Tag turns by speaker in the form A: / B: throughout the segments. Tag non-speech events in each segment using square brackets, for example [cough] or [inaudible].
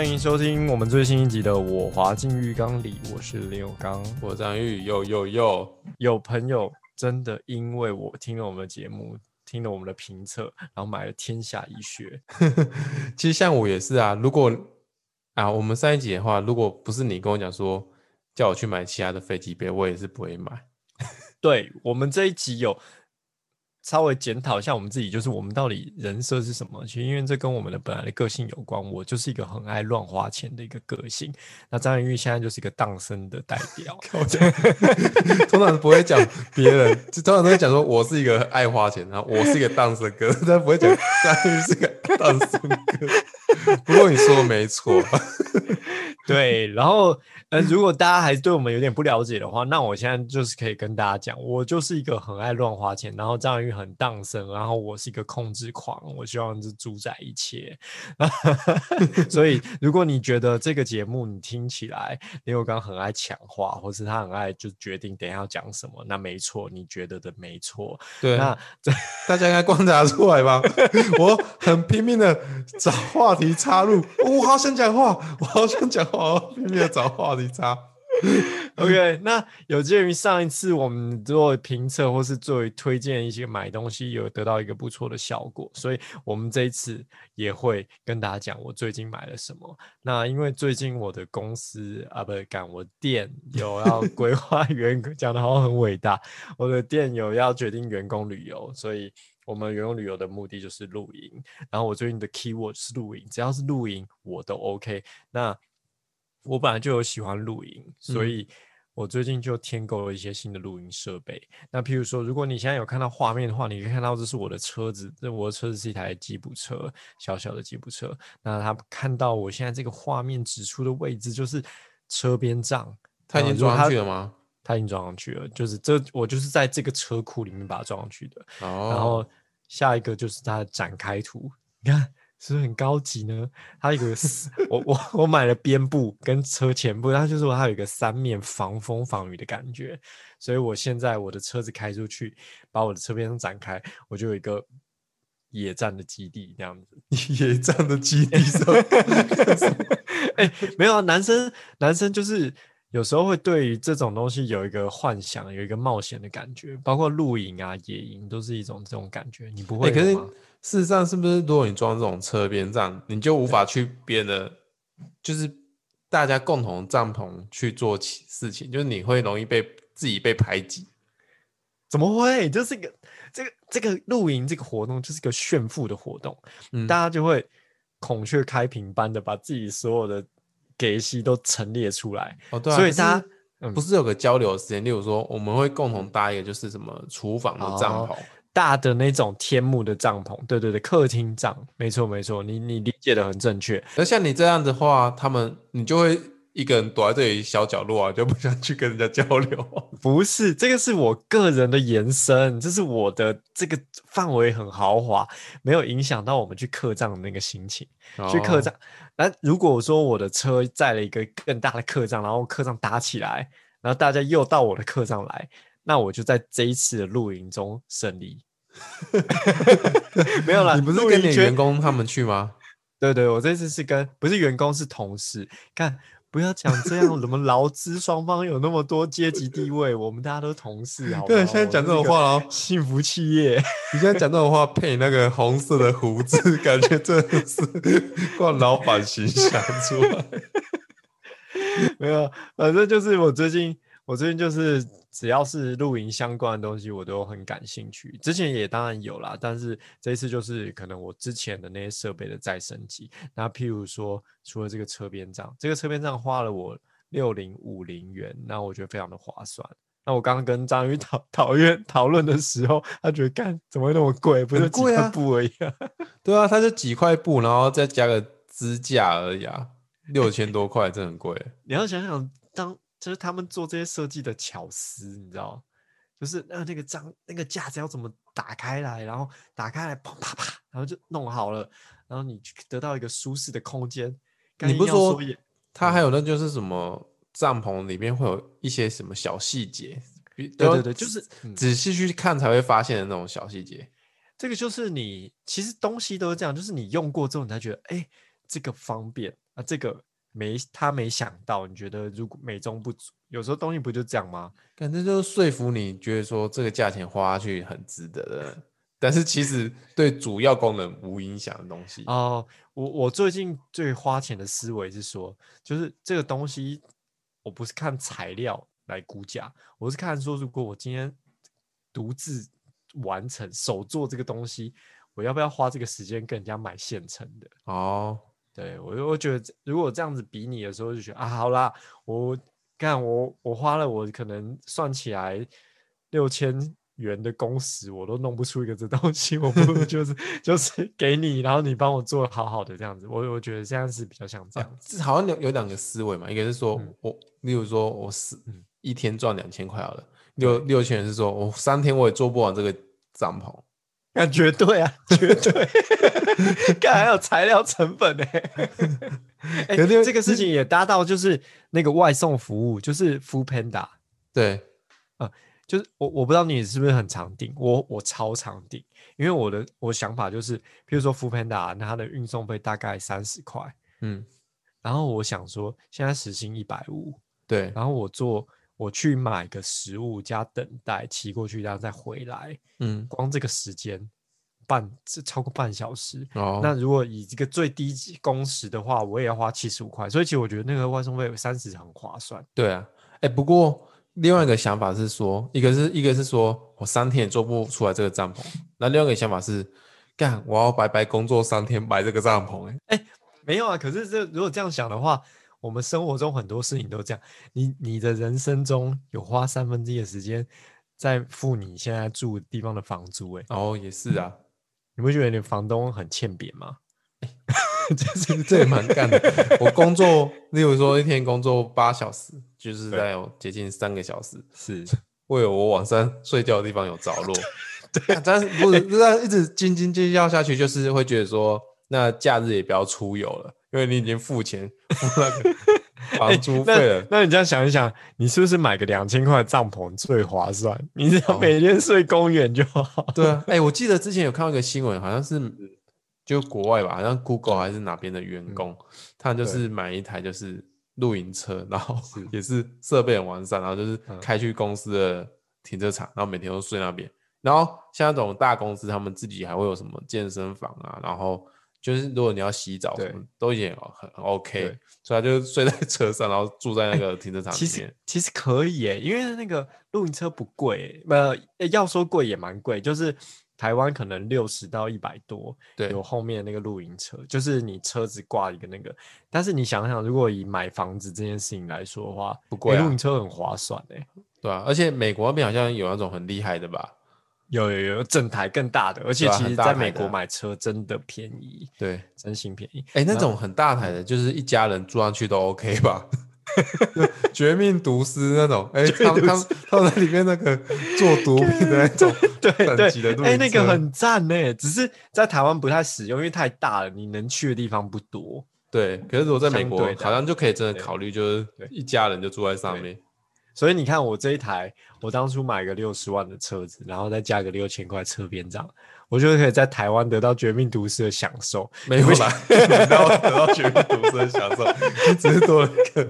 A: 歡迎收聽我們最新一集的我《我滑進浴缸裡》，我是林友剛，我張玉又又又有朋友真的因為我聽了我們的節目，聽了我們的評測，然後買了《天下一學。》 [laughs]
B: 其實像我也是啊，如果啊，我們上一集的話，如果不是你跟我講說叫我去買其他的飛機杯，我也是
A: 不會買。 [laughs] 對我們這一集有。稍微檢討一下我們自己，就是我們到底人設是什麼？其實因為這跟我們的本來的個性有關。我就是一個很愛亂花錢的一個個性。那張云玉現在就是一個蕩生的代表。 [laughs] 通常不會講別人，就通常都會講說我是一個愛花錢，然後我是一個蕩生哥，但
B: 不會講張云玉是一個蕩生哥。
A: 不過你說的沒錯， [laughs] 對。然後，呃、嗯，如果大家還對我們有點不了解的話，那我現在就是可以跟大家講，我就是一個很愛亂花錢，然後張云。很蕩生，然後我是一個控制狂，我希望是主宰一切。 [laughs] 所以，如果你覺得這個節目你聽起來，因為我剛剛很愛搶話，或是他很愛就決定等下要講什麼，那沒錯，你覺得的沒錯。
B: 對，那大家應該
A: 觀察出來吧？ [laughs] 我很拼命的找話題插入，哦、我好想講話，我好想講話，我拼命的找話題插。 [laughs] OK，那有鑑於上一次我們做評測或是做推薦一些買東西，有得到一個不錯的效果，所以我們這一次也會跟大家講我最近買了什麼。那因為最近我的公司啊，不，幹我的店有要規劃員工，講 [laughs] 的 [laughs] 好像很偉大，我的店有要決定員工旅遊，所以我們員工旅遊的目的就是露營。然後我最近的 keyword 是露營，只要是露營我都 OK。那我本來就有喜歡露營，所以我最近就添購了一些新的露營設備。嗯。那譬如說，如果你現在有看到畫面的話，你可以看到這是我的車子，這我的車子是一台吉普車，小小的吉普車。那他看到我現在這個畫面指出的位置，就是車邊帳，他已經裝上去了嗎？他已經裝上去了，就是這我就是在這個車庫裡面把它裝上去的。哦。然後下一個就是它的展開圖，你看。是不是很高級呢？它有個我， [laughs] 我我我買了邊布跟車前布，它就是它有一個三面防風防雨的感覺，所以我現在我的車子開出去，把我的車邊上展開，我就有一個野戰的基地這樣子， [laughs] 野戰的基地。哎、 [laughs] [laughs] [laughs] 欸，沒有啊，男生男生就是。有時候會對於這種東西有一個幻想，有一個冒險的感覺，包括露營啊、野營都是一種這種感覺。你不會嗎？欸、可
B: 是事實上，是不是如果你裝這種車邊帳，你就無法去別的，就是大家共同帳篷去做起事情，就是你會容易被、嗯、自己被排擠？
A: 怎麼會？就是一個這個這個露營這個活動就是一個炫富的活動，嗯，大家就會孔雀開屏般的把自己所有的。給一些都陳列出來哦，對啊，所以他，不是有個交流的時間，嗯，例如說我們會共同搭一個就是什麼廚房的帳篷，哦，大的那種天幕的帳篷，對對對，客廳帳，沒錯沒錯，你你理解得很正確。那像你這樣的話，
B: 他們你就會。一個人躲在這裡小角落啊，就不想去跟人家交流。不
A: 是，這個是我個人的延伸，這是我的這個範圍很豪華，沒有影響到我們去客棧的那個心情。哦、去客棧，那如果說我的車載了一個更大的客棧，然後客棧打起來，然後大家又到我的客棧來，那我就在這一次的露營中勝利。 [laughs] [laughs] 沒有啦，你不是跟你員工他們去嗎？ [laughs] 對對，我這次是跟不是員工是同事看。不要講這樣， [laughs] 怎麼勞資雙方有那麼多階級地位？ [laughs] 我們大家都同事啊。對， [laughs] 現在講這種話哦， [laughs] 幸福企業。 [laughs] 你現在講這種話，配那
B: 個紅色的鬍子， [laughs] 感覺真的是慣老闆形象出
A: 來。 [laughs] [laughs] 沒有，反正就是我最近。我最近就是只要是露營相關的東西，我都很感興趣。之前也當然有啦，但是這一次就是可能我之前的那些設備的再升級。那譬如說，除了這個車邊帳，這個車邊帳花了我六零五零元，那我覺得非常的划算。那我剛剛跟章魚討討論討論的時候，他覺得幹怎麼會那麼貴？不就幾塊布而已啊？啊對啊，它就幾塊布，然後再加個支架而已啊，
B: 六千多塊，這很貴。
A: [laughs] 你要想想。就是他們做這些設計的巧思，你知道？就是呃，那個帳那個架子要怎麼打開來，然後打開來，砰啪啪，啪啪，然後就弄好了，然後你得到一個舒適的空間。你不說，
B: 他還有呢，就是什麼帳篷裡面會有一些什麼小細節、
A: 嗯，對對對，就是、嗯、仔
B: 細去看才會發現的那種小細節。
A: 這個就是你其實東西都是這樣，就是你用過之後，你才覺得，哎、欸，這個方便啊，這個。沒，他沒想到。你覺得如果美中不足，有時候東西不就這樣嗎？反正
B: 就是說服你覺得說這個價錢花下去很值得的，但是其實對主要功能無影響的東西。哦，
A: 我我最近最花錢的思維是說，就是這個東西，我不是看材料來估價，我是看說如果我今天獨自完成手做這個東西，我要不要花這個時間跟人家買現成的？哦。對我，我覺得如果這樣子比你的時候，就覺得啊，好啦，我看我我花了我可能算起來六千元的工時，我都弄不出一個這東西，我不就是 [laughs] 就是給你，然後你幫我做好好的這樣子。我我覺得這樣子比較像這樣子，啊、好
B: 像有有兩個思維嘛，一個是說、嗯、我，例如說我是、嗯、一天賺兩千塊好了，六六千元是說我三天我也做不完這個帳篷。
A: 那絕對啊，絕對！看 [laughs] 還有材料成本呢、欸 [laughs] 欸，這個事情也搭到就是那個外送服務，就是 Food Panda。對，啊、嗯，就是我我不知道你是不是很常訂，我我超常訂，因為我的我想法就是，比如說 Food Panda，那它的運送費大概三十塊，嗯，然後我想說現在時薪一百五，對，然後我做。我去買個食物加等待，騎過去然後再回來，嗯，光這個時間半超過半小時，哦，那如果以這個最低工時的話，我也要花七十五塊，所以其實我覺得那個外送費三十很划算。
B: 對啊，哎、欸，不過另外一個想法是說，一個是一個是說我三天也做不出來這個帳篷，那 [laughs] 另外一個想法是幹，我要白白工作三天買這個帳篷、欸，哎、欸、哎
A: 沒有啊，可是這如果這樣想的話。我們生活中很多事情都這樣，你你的人生中有花三分之一的時間在付你現在住地方的房租。欸？哦，也是啊、嗯，你不覺得你房東很欠扁嗎？這、欸、是 [laughs] [laughs] [laughs] 這也蠻乾的。 [laughs] 我工作，
B: 例如說一天工作八小時，就是在接近三個小時，是為了我晚上睡覺的地方有着落。 [laughs] 對，但是如果 [laughs] 這樣一直斤斤計較下去，就是會覺得說，那假日也不要出遊了。因為你已經付錢付
A: 那個房租費了、 [laughs] 欸那，那你這樣想一想，你是不是買個兩千塊的帳篷最划算？你只要每天睡公園就好、哦。對啊，哎、欸，我記得之前有看到一個新聞，
B: 好像是就國外吧，好像 Google 還是哪邊的員工，他就是買一台就是露營車，然後也是設備很完善，然後就是開去公司的停車場，然後每天都睡那邊。然後像那種大公司，他們自己還會有什麼健身房啊，然後。就是如果你要洗澡，都也很 OK，所以他就睡在車上，然後住在那個停車場、欸。其實
A: 其實可以誒、欸，因為那個露營車不貴、欸，呃、欸，要說貴也蠻貴，就是台灣可能六十到一百多。對，有後面那個露營車，就是你車子掛一個那個。但是你想想，如果以買房子這件事情來說的話，不貴、欸，露營車很划算的、欸。對啊，而且美國那邊好像有那種很厲害的吧。有有有，整台更大的，而且其實在美國買車真的便宜，對，啊啊
B: 真的便宜對，真心便宜。哎、欸，那種很大台的，就是一家人住上去都 OK 吧？ [laughs] [laughs] 絕命毒師那種，哎、欸，他們 [laughs] 他他在裡面那個做毒品的那種
A: 等級的對，哎、欸，那個很讚哎，只是在台灣不太使用，因為太大了，你能去的地方不多。對，可是如果在美國好像就可以真
B: 的考慮，就是一家人就住在上面。
A: 所以你看，我這一台，我當初買個六十萬的車子，然後再加個六千塊車邊帳，我就可以在台灣得到絕命毒師的享受，沒有啦，得 [laughs] 到得到絕命毒師的享受，只是多了一個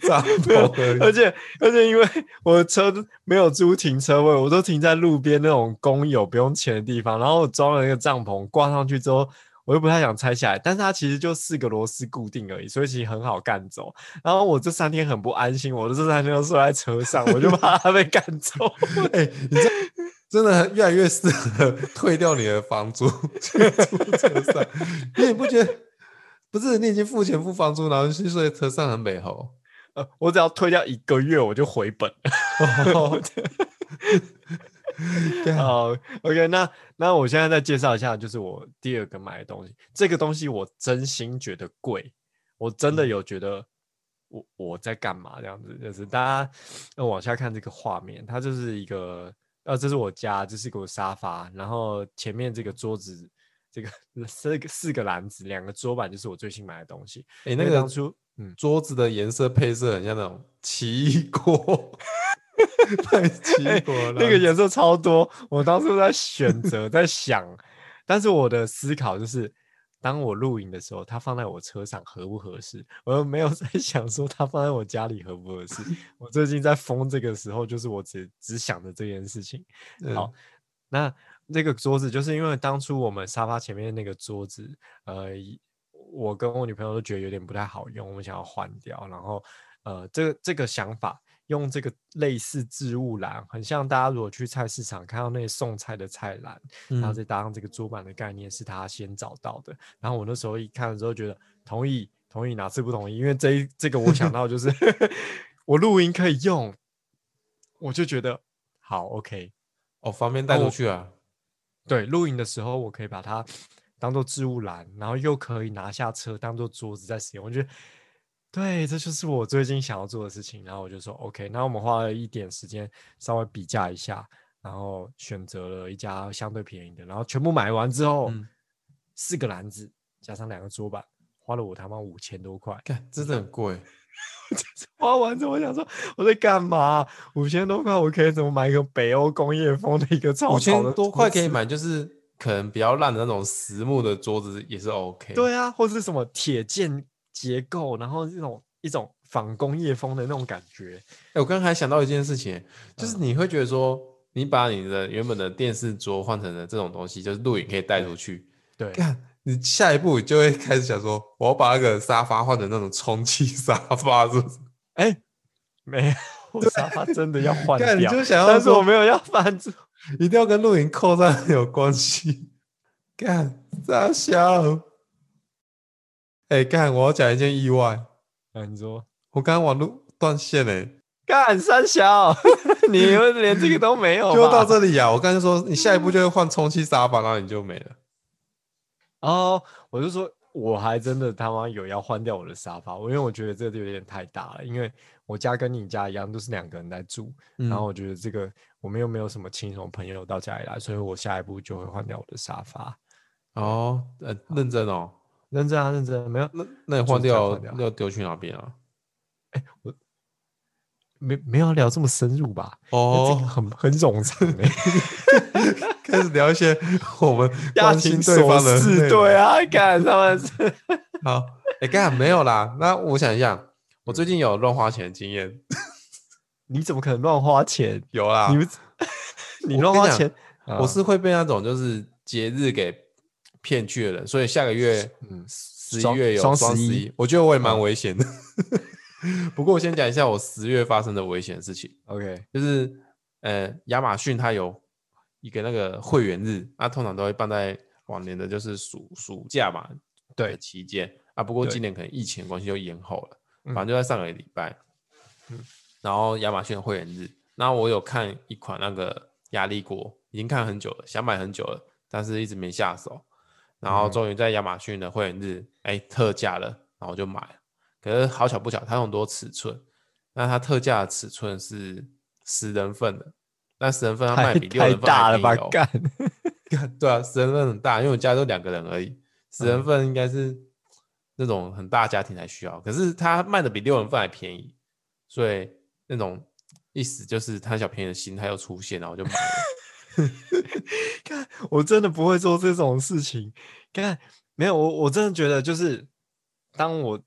A: 帳篷而已。而且而且，而且因為我的車子沒有租停車位，我都停在路邊那種公有不用錢的地方，然後我裝了一個帳篷，掛上去之後。我又不太想拆下來，但是它其實就四個螺絲固定而已，所以其實很好幹走。然後我這三天很不安心，我這三天都睡在車上，我就怕它被幹走。哎、 [laughs] 欸，你這真的越來越適合退掉你的房租，住
B: 車上。 [laughs] 你不覺得？不是，你已經付錢
A: 付房租，然後去睡車上很美好。呃，我只要退掉一個月，我就回本了好、啊 uh，OK，那那我現在再介紹一下，就是我第二個買的東西。這個東西我真心覺得貴，我真的有覺得我我在幹嘛這樣子。就是大家要往下看這個畫面，它就是一個，呃，這是我家，這是一個沙發，然後前面這個桌子，這個四個四個籃子，兩個桌板，就是我最新買的東西。哎，那個當初，嗯，桌子的顏色配色很像那種奇異果。 [laughs] 太 [laughs] 奇怪了，欸，那個顏色超多，我當時在選擇，在想， [laughs] 但是我的思考就是，當我露營的時候，它放在我車上合不合適，我又沒有在想說它放在我家裡合不合適。 [laughs] 我最近在封這個時候，就是我只只想着這件事情。嗯、好，那那個桌子就是因為當初我們沙發前面那個桌子，呃，我跟我女朋友都覺得有點不太好用，我們想要換掉，然後呃，這個這個想法。用這個類似置物籃，很像大家如果去菜市場看到那些送菜的菜籃，然後再搭上這個桌板的概念，是他先找到的。嗯。然後我那時候一看的時候，覺得同意，同意哪次不同意？因為這一這個我想到就是， [laughs] [laughs] 我露營可以用， [laughs] 我，以用 [laughs] 我就覺得好，OK，哦，方便帶出去啊。對，露營的時候我可以把它當做置物籃，然後又可以拿下車當做桌子在使用，我覺得。對，這就是我最近想要做的事情。然後我就說，OK，那我們花了一點時間稍微比價一下，然後選擇了一家相對便宜的。然後全部買完之後，嗯、四個籃子加上兩個桌板，花了我他媽五千多塊，看真的很貴。 [laughs] 花完之後，我想說我在幹嘛？五千多塊，我可以怎麼買一個北歐工業風的一個超？五千多塊可以
B: 買，就是可能比較爛的那種實木的桌子也是 OK。對啊，或
A: 者是什麼鐵劍。結構，然後一種一種仿工業風的那種感覺。哎、欸，我剛才想到一件事情，就是你會
B: 覺得說，你把你的原本的電視桌換成了這種東西，就是露營可以帶出去。嗯、對。幹，你下一步就會開始想說，我把那個沙發換成那種充氣沙發，是不是？哎、欸，沒
A: 有，我沙發真的要換掉。 [laughs] 幹，你就想要，但是我沒
B: 有要翻，這一定要跟露營扣上有關係。幹，咋想？哎、欸，幹！我要講一件意外。
A: 哎、啊，你說，我剛剛網絡斷線嘞、欸。幹，三小， [laughs] 你們
B: 連這個都沒有？就到這裡啊！我剛才說，你下一步就會換充氣沙發、嗯，然後你就沒
A: 了。哦，我就說，我還真的他媽有要換掉我的沙發。我因為我覺得這個就有點太大了，因為我家跟你家一樣都是兩個人在住、嗯，然後我覺得這個我們又沒有什麼親戚朋友到家裡來，所以我下一步就會換掉我的沙發。嗯、哦，呃、欸，認真哦。認真啊，認真、啊！沒有那，那你花掉要丟去哪邊啊？哎、欸，我沒沒有聊這麼深入吧？哦、oh.，很很冗長、欸。 [laughs] [laughs] 開始聊一些我們關心對方的事。對啊，幹 [laughs] 剛他們是好。
B: 哎、欸，幹，沒有啦。那我想一下，我最近有亂花錢的經驗。
A: [laughs] 你怎麼可能亂花錢？有啦，你亂 [laughs] 花錢，我,、嗯、我是
B: 會被那種就是節日給。騙取了，所以下個月，嗯，十一月有雙十一，我覺得我也蠻危險的。哦、 [laughs] 不過我先講一下我十月發生的危險事情。OK，就是呃，亞馬遜它有一個那個會員日，那、嗯啊、通常都會辦在往年的就是暑暑假嘛，對，期間啊，不過今年可能疫情關係就延後了，反正就在上個禮拜、嗯。然後亞馬遜會員日，那我有看一款那個壓力鍋，已經看很久了，想買很久了，但是一直沒下手。然後終於在亞馬遜的會員日，哎、嗯，特價了，然後就買了。可是好巧不巧，它有很多尺寸，那它特價的尺寸是十人份的，那十人份它賣比六人份還便宜、哦、太、太大了吧，幹，幹！對啊，十人份很大，因為我家裡就兩個人而已，十人份應該是那種很大家庭才需要。嗯、可是他賣的比六人份還便宜，所以那種意思就是貪小便宜的心態
A: 又出現，然後就買了。 [laughs] [laughs] 看，我真的不會做這種事情。看，沒有我，我真的覺得就是，當我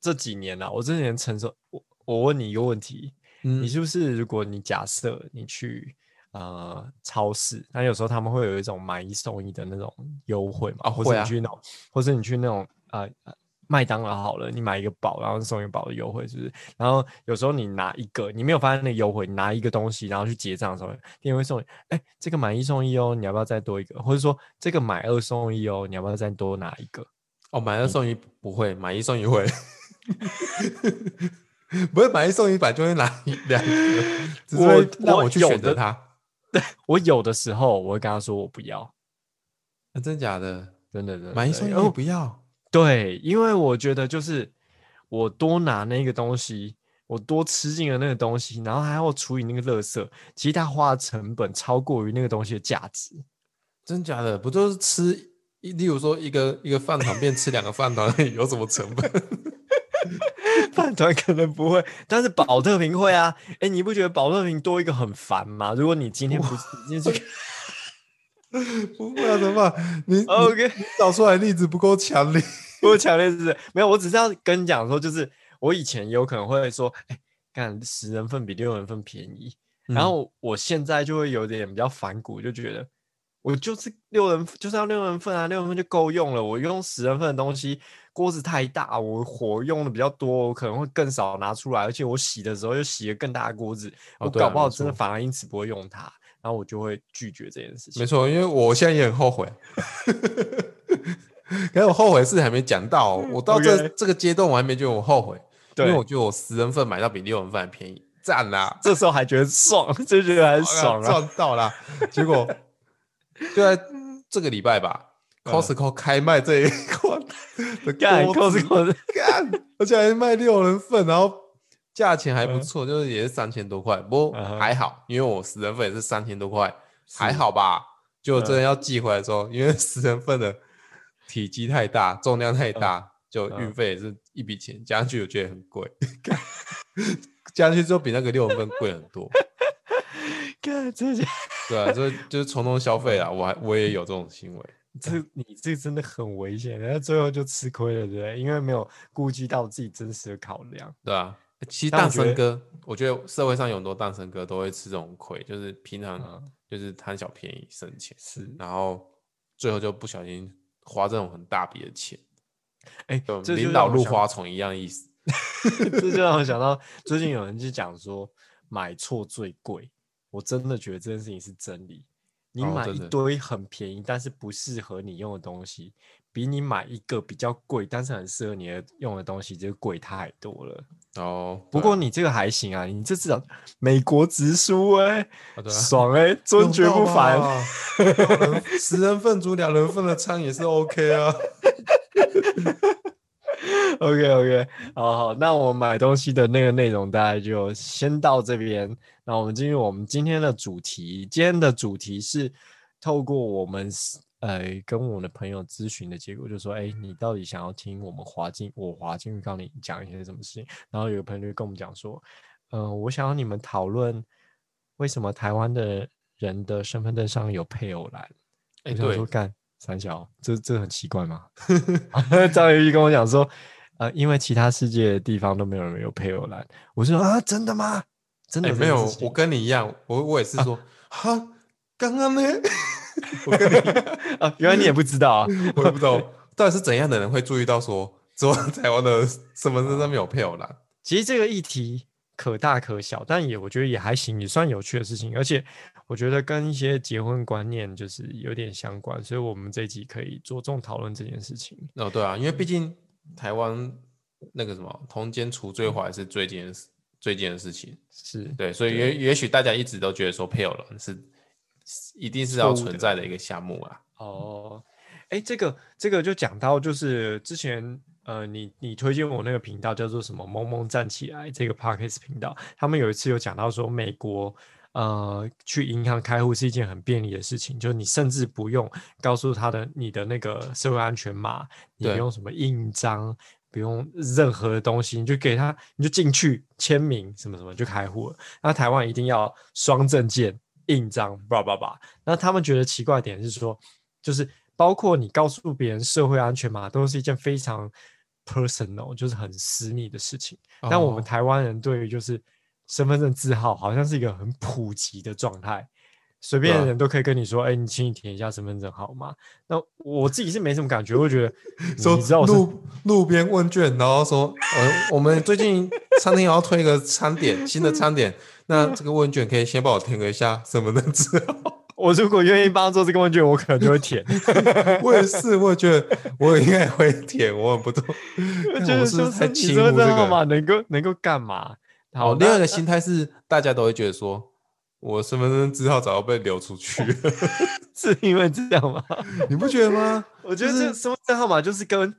A: 這幾年了、啊，我這幾年承受。我我問你一個問題、嗯，你是不是如果你假設你去、呃、超市，那有時候他們會有一種買一送一的那種優惠嘛？啊、會啊、或者你去那種麥當勞好了，你買一個堡，然後送一個堡的優惠，是不是？然後有時候你拿一個，你沒有發現那個優惠，你拿，一個你拿一個東西，然後去結賬的時候，店員會送你，哎、欸，這個買一送一哦、喔，你要不要再多一個？或者說這個買二送一哦、喔，你要不要再多拿一個？哦，買二送一不會，買一送一會， [laughs] [laughs] 不會買一送一，百就會拿兩個，我，那讓我去選擇它。對，我有的時候我會跟他說我不要，那、啊、真假的，真的真的，買一送一我不要。對，因為我覺得就是我多拿那個東西，我多吃進了那個東西，然後還要處理那個垃圾，其他花的成本超過於那個東西的價值，真假的？不就是吃，例如說一個一個飯糰變 [laughs] 吃兩個飯糰，有什麼成本？ [laughs] 飯糰可能不會，但是寶特瓶會啊！哎，你不覺得寶特瓶多一個很煩嗎？如果你今天不是，今天是。Okay. 不會啊、怎麼辦？你 OK？你你找出來例子不夠強烈， [laughs] 不夠強烈是不是沒有。我只是要跟你講說，就是我以前有可能會說，哎，看十人份比六人份便宜。嗯、然後我現在就會有點比較反骨，就覺得我就是六人就是要六人份啊，六人份就夠用了。我用十人份的東西，鍋子太大，我火用的比較多，我可能會更少拿出來，而且我洗的時候又洗了更大的鍋子，哦啊，我搞不好真的反而因此不會用它。哦然後我就會拒絕這件事情。沒
B: 錯，因為我現在也很後悔。可是，我後悔事還沒講到、哦，我到這、okay. 這個階段我還沒覺得我後悔，對因為我覺得我十人份買到比六人份還便宜，讚啦。
A: 這時候還覺得爽， [laughs] 這就覺得很爽啦，賺、
B: 啊、到了。 [laughs] 結果就在這個禮拜吧
A: [laughs] ，Costco
B: 開賣這一款，幹 Costco 的幹，扣是扣
A: 是 [laughs] 而且還賣六人份，然後。
B: 價錢還不錯、嗯，就是也是三千多塊，不過還好，嗯、因為我十人份也是三千多塊，還好吧。就真的要寄回來的時候，嗯、因為十人份的體積太大，重量太大，嗯、就運費也是一筆錢、嗯，加上去我覺得很貴， [laughs] 加上去之後比那個六人份貴很多 [laughs] 。
A: 對啊，就
B: 就是衝動消費啊、嗯，我還我也有這種行為，
A: 這、嗯、你這真的很危險，然後最後就吃虧了，對不對？因為沒有顧及到自己真實的考量，對啊。
B: 其實蕩生哥，我覺得社會上有很多蕩生哥都會吃這種虧，就是平常就是貪小便宜省錢、嗯，然後最後就不小心花這種很大筆的錢，哎、欸，這領導入，入花叢一樣意思、欸。這
A: 就讓我想， [laughs] 讓我想到，最近有人就講說買錯最貴， [laughs] 我真的覺得這件事情是真理。你買一堆很便宜，哦、但是不適合你用的東西。比你買一個比較貴，但是很適合你的用的東西，就貴、是、太多了哦。Oh, 不過你這個還行啊，你這至少美國直輸，哎、欸，啊啊，爽哎、欸，尊爵不凡，啊啊 [laughs] 有人 [laughs] 十人份足兩人份的餐也是 OK 啊。 [laughs] [laughs] OK OK，好好，那我買東西的那個內容大概就先到這邊。那我們進入我們今天的主題，今天的主題是透過我們。呃，跟我的朋友諮詢的結果就是說，哎，你到底想要聽我們華進，我華進預你講一些什麼事情？然後有朋友就跟我們講說，嗯、呃，我想要你們討論為什麼台灣的人的身份證上有配偶欄？哎，對，幹三小，這這很奇怪嗎？ [laughs] 啊、 [laughs] [laughs] [laughs] 張宇一跟我講說，呃，因為其他世界的地方都沒有人有配偶欄。我說啊，真的嗎？真的沒有？我跟你一樣，我我也是說，
B: 啊、哈，剛剛呢？ [laughs]
A: 我跟你 [laughs] 啊，原來你也不知道啊！ [laughs] 我也不知道到底是怎樣的人會注意到說，說台灣的身分證上面有配偶欄？ [laughs] 其實這個議題可大可小，但也我覺得也還行，也算有趣的事情。而且我覺得跟一些結婚觀念就是有點相關，所以我們這一集可以着重討論這件事情。
B: 哦，對啊，因為畢竟台灣那個什麼通姦除罪化是最近的事，嗯，最近的事情是對，所以也也許大家一直都覺得說配偶欄是。一定是要存在的一個項目啊！
A: 哦，哎、欸，這個這個就講到就是之前呃，你你推薦我那個頻道叫做什麼“萌萌站起來”這個 podcast 頻道，他們有一次有講到說，美國呃去銀行開戶是一件很便利的事情，就你甚至不用告訴他的你的那個社會安全碼，你不用什麼印章，不用任何的東西，你就給他，你就進去簽名什麼什麼就開戶了。那台灣一定要雙證件。印章吧吧吧，那他們覺得奇怪點是說，就是包括你告訴別人社會安全碼，都是一件非常 personal，就是很私密的事情。哦。但我們台灣人對於就是身份證字號，好像是一個很普及的狀態。隨便的人都可以跟你說，哎、欸，你請你填一下身份證號碼。那我自己是沒什麼感覺，我覺得、嗯、說你知道我是路路邊問卷，然後說，嗯、呃，我們最近
B: 餐廳要推一個餐點， [laughs] 新的餐點，那這個問卷可以先幫我填一下
A: 身份證。 [laughs] 我如果願意幫他做這個問卷，我可能就會填。 [laughs] 我也
B: 是，我覺得
A: 我應該會填，我也不懂。我覺得就是，是，不是你說真的嗎、這個？能
B: 夠能夠幹嘛？好，哦、另外一個心態是大家都會覺得說。我身份證
A: 字號早就被流出去了、啊，是因為這樣嗎？ [laughs] 你不覺得嗎？我覺得這個身份證號碼就是跟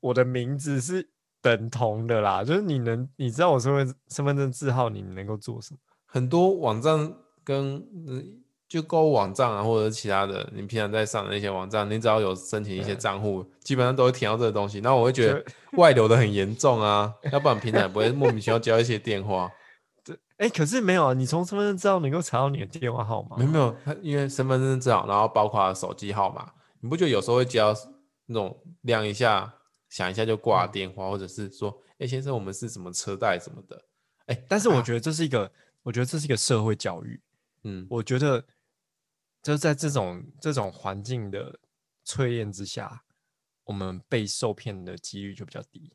A: 我的名字是等同的啦，就是你能你知道我身份身份證字號，你能夠做什麼？很多網站跟、嗯、
B: 就購物網站啊，或者其他的，你平常在上的一些網站，你只要有申請一些賬戶，基本上都會填到這個東西。那我會覺得外流的很嚴重啊，要不然平常不會莫名其妙交一些電話。 [laughs]
A: 哎，可是沒有啊！你從身份證上能夠查到你的電話號碼？沒有沒有，
B: 他因為身份證上，然後包括手機號碼。你不覺得有時候會接到那種亮一下、響一下就掛電話，嗯、或者是說，哎，先生，我們是什麼
A: 車貸什麼的？哎，但是我覺得這是一個、啊，我覺得這是一個社會教育。嗯，我覺得就是在這種這種環境的淬煉之下，我們被受騙的幾率就比較低。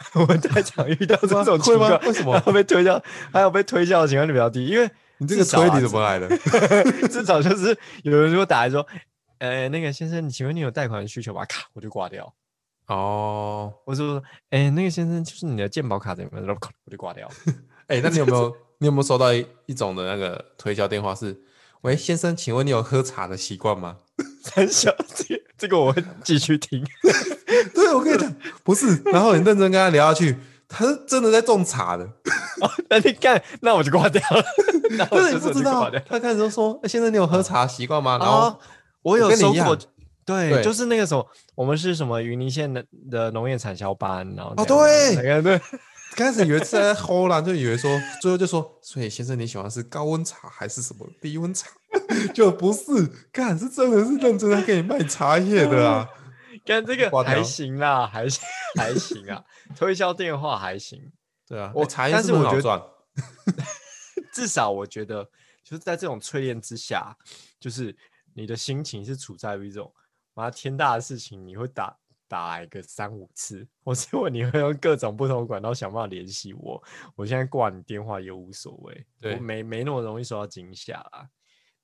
A: [laughs] 我們在場遇到這種情況嗎？會嗎？為什麼？然後被推銷， [laughs] 還有被推銷的情況就比較低，因為你這個推理怎麼來的？至少,啊、 [laughs] 至少就是有人說打來說，呃、 [laughs] 欸，那個先生，請問你有貸款需求嗎？卡，我就掛掉。哦、oh.，我說說，哎、欸，那個先生，就是你的健保卡怎麼樣？我就掛掉。哎、 [laughs] 欸，那你有沒有， [laughs] 你有沒有收到一,一種的那個推銷電話
B: 是？喂，先生，請問你有喝茶的習慣嗎？陳 [laughs] 小姐，這個我會繼續聽。 [laughs] 我跟你講，不是，然後你認真跟他聊下去，他是真的在種茶的。那、 [laughs] 哦、你看，那我就掛掉了。但 [laughs] 是你不知道， [laughs] 就他開始就說：“
A: 先生，你有喝茶習慣嗎？”啊、然後、啊、我有我跟說過，對，就是那個時候，我們是什麼雲林縣的的農業產銷班，然後啊、哦，對，那
B: 個、對， [laughs] 剛開始以為在唬爛，後就以為說，最後就說：“所以先生，你喜歡是高溫茶還是什麼低溫茶？” [laughs] 就不是，幹是真的是認真的，跟你賣茶葉的啊。 [laughs]
A: 幹這個還行啦，還行還行啊，推銷電話還行。對啊，我查一下，但是我覺得 [laughs] 至少我覺得，就是在這種淬煉之下，就是你的心情是處在一種，媽，天大的事情，你會打打來個三五次，我希望你會用各種不同管道想辦法聯繫我。我現在掛你電話也無所謂，我沒沒那麼容易受到驚嚇啊。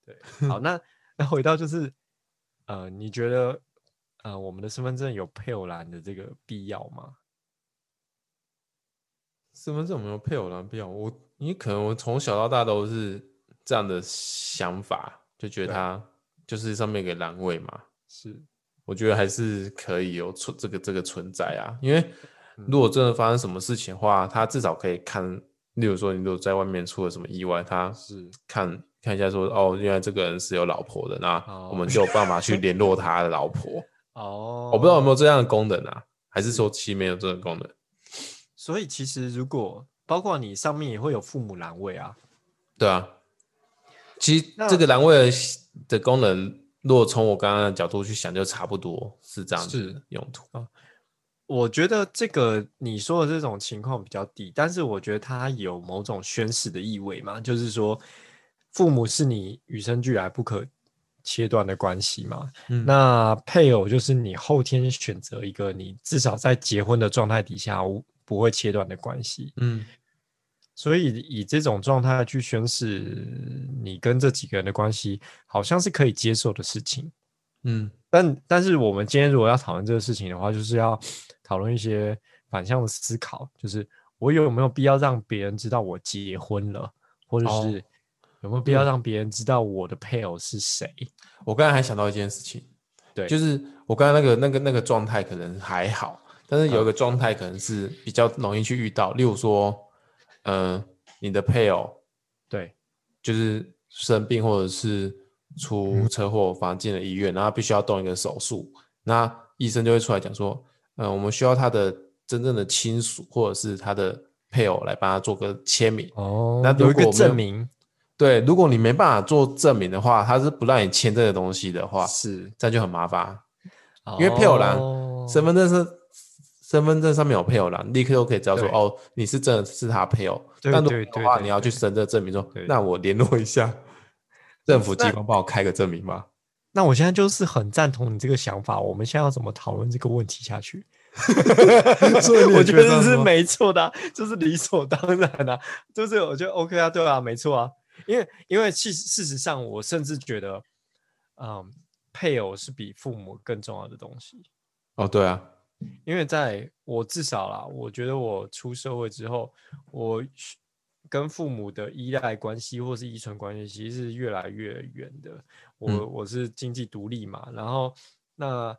A: 對，好，那那回到就是， [laughs] 呃，你覺得？啊、嗯，我們的身份證有配偶欄的這個必要嗎？
B: 身份證有沒有配偶欄必要。我你可能我從小到大都是這樣的想法，就覺得它就是上面一個欄位嘛。是，我覺得還是可以有存這個這個存在啊。因為如果真的發生什麼事情的話，它至少可以看，例如說你如果在外面出了什麼意外，它是看看一下說哦，原來這個人是有老婆的，那我們就有辦法去聯絡他的老婆。
A: [laughs] 哦、oh，我不知
B: 道有沒有這樣的功能啊？是還是說其實沒有這個功能？
A: 所以其實如果包括你上面也會有父母欄位啊，
B: 對啊。其實這個欄位的功能，如果從我剛剛的角度去想，就差不多是
A: 這樣子用途啊。我覺得這個你說的這種情況比較低，但是我覺得它有某種宣誓的意味嘛，就是說父母是你與生俱來不可。切斷的關係嘛、嗯，那配偶就是你後天選擇一個你至少在結婚的狀態底下不會切斷的關係。嗯，所以以這種狀態去宣示，你跟這幾個人的關係好像是可以接受的事情。嗯，但但是我們今天如果要討論這個事情的話，就是要討論一些反向的思考，就是我有沒有必要讓別人知道我結婚了，或者是、哦？有沒有必要讓別人知道我的配偶是誰？我剛才還想到一件事情，對，就是我剛才那個
B: 那個那個狀態可能還好，但是有一個狀態可能是比較容易去遇到，呃、例如說，嗯、呃，你的配偶，對，就是生病或者是出車禍，反正進了醫院，然後必須要動一個手術、嗯，那醫生就會出來講說，嗯、呃，我們需要他的真正的親屬或者是他的配偶來幫他做個簽名
A: 哦，如果那有一個證明。
B: 對，如果你沒辦法做證明的話，他是不讓你簽這個東西的話，是這樣就很麻煩。
A: 因為配偶欄
B: 身份證是、哦、身份證上面有配偶欄，立刻都可以知道說哦，你是真的是他配偶。對，但的話對對對，你要去申這證明說，對對對，那我聯絡一下
A: 政府機關，幫我開個證明吧。那我現在就是很贊同你這個想法。我們現在要怎麼討論這個問題下去？ [laughs] 所以我覺得是沒錯的、啊，這 [laughs] 是理所當然的、啊，就是我覺得 OK 啊，對啊，沒錯啊。因為，因為其實事實上，我甚至覺得，嗯、呃，配偶是比父母更重要的東西。
B: 哦，對啊，
A: 因為在我至少啦，我覺得我出社會之後，我跟父母的依賴關係或是依存關係其實是越來越遠的。嗯、我我是經濟獨立嘛，然後那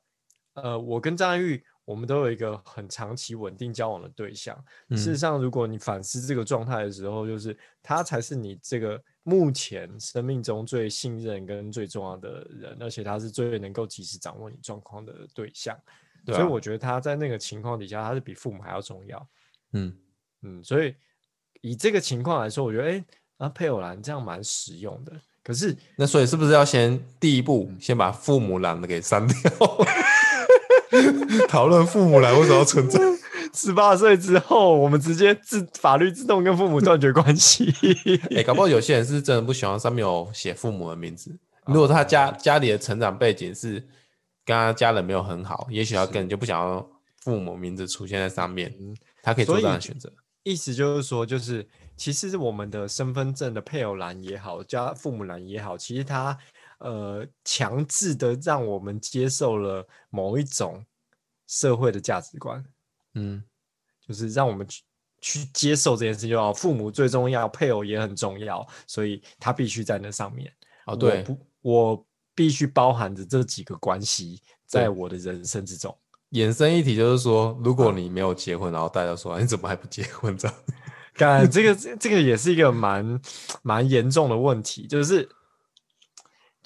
A: 呃，我跟張玉。我們都有一個很長期穩定交往的對象。事實上，如果你反思這個狀態的時候，嗯，就是他才是你這個目前生命中最信任跟最重要的人，而且他是最能夠及時掌握你狀況的對象。對、啊。所以我覺得他在那個情況底下，他是比父母還要重要。嗯嗯，所以以這個情況來說，我覺得誒、欸，啊配偶欄這樣蠻實用的。可
B: 是那所以是不是要先第一步，嗯、先把父母欄的給刪掉？ [laughs]
A: 討 [laughs] 論父母欄，為什麼要存在？十八歲之後，我們直接自法律自動跟父母斷絕關係。
B: 哎、 [laughs] 欸，搞不好有些人是真的不喜歡上面有寫父母的名字。如果他家、哦、家裡的成長背景是跟他家人沒有很好，嗯、也許他根本就不想要父母的名字出現在上面。他可以做這樣的選擇。
A: 意思就是說，就是其實是我們的身份證的配偶欄也好，加父母欄也好，其實他。呃，強制的讓我們接受了某一種社會的價值觀，
B: 嗯，
A: 就是讓我們去，去接受這件事情，就、哦、父母最重要，配偶也很重要，所以他必須在那上面哦，對，不，我必須包含着這幾個關係在我的人生之中。延伸一題就是說，如果你沒有結婚，然後大家說、嗯、你怎麼還不結婚這樣？這，感這個 [laughs] 這個也是一個蠻蠻嚴重的問題，就是。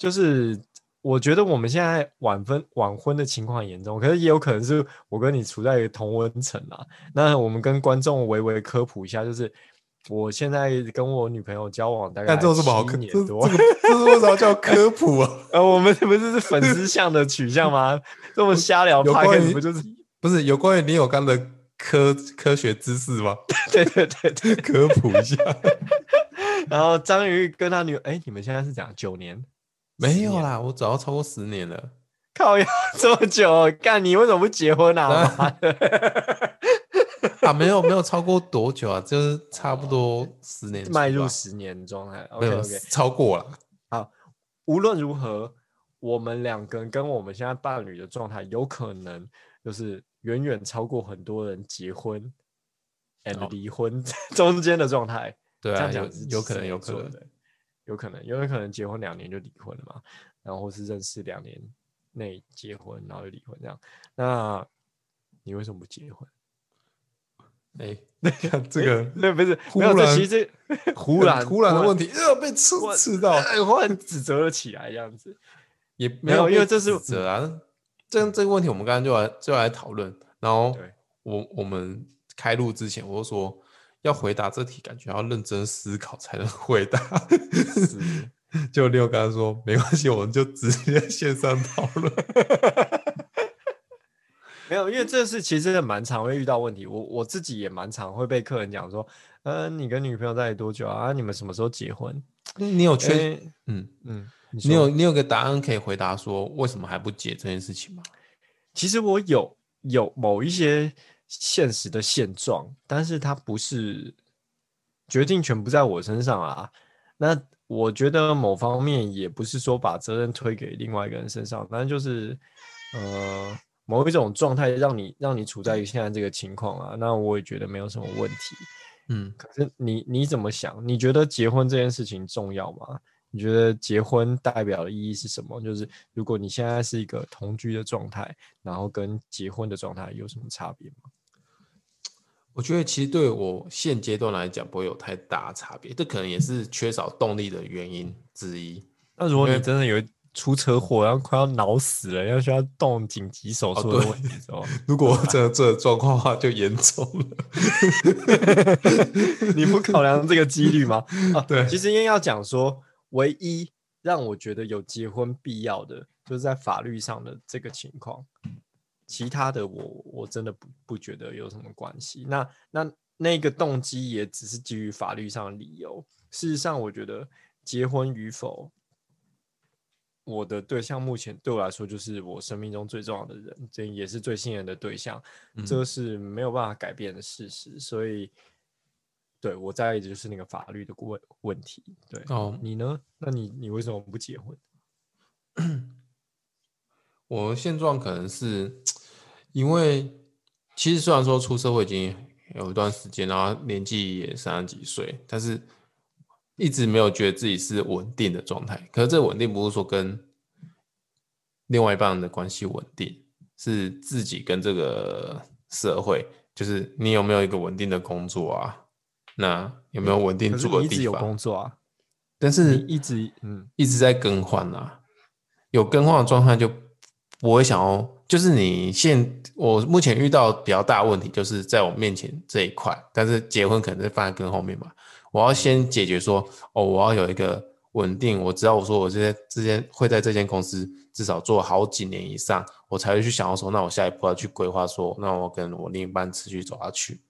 A: 就是我覺得我們現在晚婚晚婚的情況嚴重，可是也有可能是我跟你處在一個同溫層啊。那我們跟觀眾微微科普一下，就是我現在跟我女朋友交往大概這種麼好，年多，這是為什麼叫科普啊？ [laughs] 呃、我們是不是粉絲向的取向嗎？這麼瞎聊 [laughs] 有、就是，有關你不就是
B: 不是有關於你有剛的科科學知識嗎？ [laughs] 對對對對， [laughs] 科普一下 [laughs] 。
A: [laughs] 然後章魚跟他女，哎、欸，你們現在是怎樣？九年？沒有啦，我只要超過十年了。靠呀，這麼久，幹你為什麼不結婚啊？
B: [laughs] [laughs] 啊，沒有沒有超過多久啊，就是差不多、啊、十年，邁入十
A: 年中。o、okay, k、okay. 超過了。好，無論如何，我們兩個人跟我們現在伴侶的狀態，有可能就是遠遠超過很多人結婚，and 離、oh. 婚中間的狀態。對啊，這樣講有有可能有可能，有可能。有可能，有可能結婚兩年就離婚了嘛？然後是認識兩年內結婚，然後又離婚這樣。那你為什麼不結婚？哎、欸，那 [laughs] 個這個那不是？沒有，這其實，突然突然的問題，呃，被刺刺到，我很指責的起來，這樣子也沒有、啊，因為這是自
B: 責啊。這、嗯、這個問題我剛剛我，我們剛剛就來就來討論。然後，我我們開錄之前，我就說。要回答這題，感覺要認真思考才能回答。 [laughs] 就六剛剛說，沒關係，我們就直接線上討論。 [laughs]
A: [laughs] 沒有，因為這是其實蠻常會遇到問題。我我自己也蠻常會被客人講說：“嗯、呃，你跟女朋友在一起多久啊？你們什麼時候結婚？”嗯、你有缺？欸、嗯嗯，你有你有個答案可以回答說為什麼還不結這件事情嗎？其實我有有某一些現實的現狀，但是它不是決定權不在我身上啊。那我覺得某方面也不是說把責任推給另外一個人身上，反正就是呃某一種狀態讓你讓你處在於現在這個情況啊。那我也覺得沒有什麼問題。嗯，可是你你怎麼想？你覺得結婚這件事情重要嗎？你覺得結婚代表的意義是什麼？就是如果你現在是一個同居的狀態，然後跟結婚的狀態有什麼差別嗎？我覺得其實對我現
B: 階段來講不會有太大差別，這可能也是缺少動力的原因之一。
A: 那如果你真的有出車禍，然後快要腦死了，要需要動緊急手術的問題，是嗎？如果這這狀況的話就嚴重了， [laughs] [laughs] [laughs] 你不考量這個幾率嗎？ [laughs] 啊，對。其實應該要講說，唯一讓我覺得有結婚必要的，就是在法律上的這個情況。其他的我我真的不不覺得有什麼關係。那那那個動機也只是基於法律上的理由。事實上，我覺得結婚與否，我的對象目前對我來說就是我生命中最重要的人，這也是最信任的對象，嗯。這是沒有辦法改變的事實。所以，對我在意的就是那個法律的問問題。對哦，你呢？那你你為什麼不結婚？
B: [coughs] 我現狀可能是。因為其實雖然說出社會已經有一段時間，然後年紀也三十幾歲，但是一直沒有覺得自己是穩定的狀態。可是這穩定不是說跟另外一半人的關係穩定，是自己跟這個社會，就是你有沒有一個穩定的工作啊？那有沒有穩定住的地方？
A: 有工作啊，但是你一直嗯一
B: 直在更換啊，有更換的狀態就不會想要。就是你現我目前遇到比較大的問題，就是在我面前這一塊，但是結婚可能是放在更後面嘛。我要先解決說，嗯、哦，我要有一個穩定，我只要我說我這間這間會在這間公司至少做好幾年以上，我才會去想要說，那我下一步要去規劃說，那我跟我另一半持續走下去。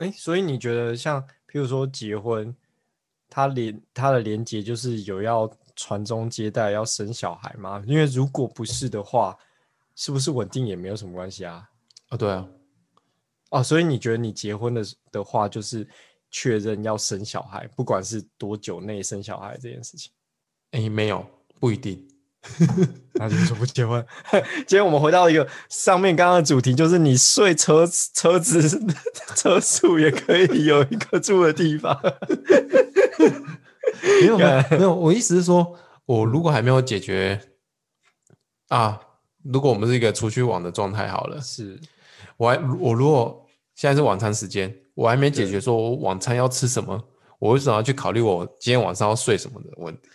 A: 誒、欸，所以你覺得像譬如說結婚，它連它的連結就是有要傳宗接代，要生小孩嗎？因為如果不是的話。嗯是不是穩定也沒有什麼關係啊？啊、哦，對啊，啊、哦，所以你覺得你結婚的的話，就是確認要生小孩，不管是多久內生小孩這件事情？哎、欸，沒有，不一定。那 [laughs] 就說不結婚。今天我們回到一個上面剛剛的主題，就是你睡車車子車宿也可以有一個住的地方。
B: [laughs] [laughs] 沒有沒有，沒有，我意思是說，我如果還沒有解決啊。如果我們是一個出去玩的狀態，好了，是我還我如果現在是晚餐時間，我還沒解決說我晚餐要吃什麼，我為什麼要去考慮我今天晚上要睡什麼的問題？